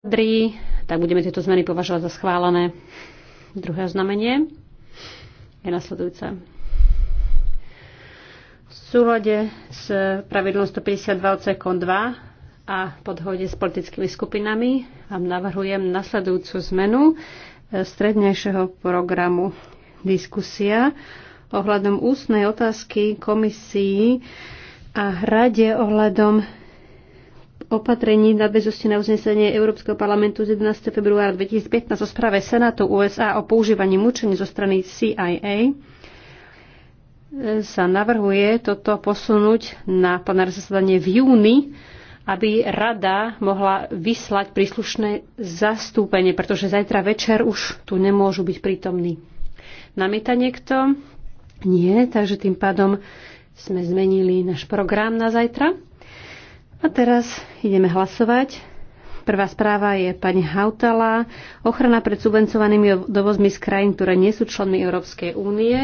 vyjadrí, tak budeme tieto zmeny považovať za schválené. Druhé znamenie je nasledujúce. V súlade s pravidlom 152 odsekom 2 a podhode s politickými skupinami vám navrhujem nasledujúcu zmenu e, strednejšieho programu diskusia ohľadom ústnej otázky komisii a rade ohľadom opatrení nadväznosti na uznesenie Európskeho parlamentu z 11. februára 2015 o správe Senátu USA o používaní mučení zo strany CIA e, sa navrhuje toto posunúť na plenárne zasadanie v júni, aby rada mohla vyslať príslušné zastúpenie, pretože zajtra večer už tu nemôžu byť prítomní. Namieta niekto? Nie, takže tým pádom sme zmenili náš program na zajtra. A teraz ideme hlasovať. Prvá správa je pani Hautala. Ochrana pred subvencovanými dovozmi z krajín, ktoré nie sú členmi Európskej únie.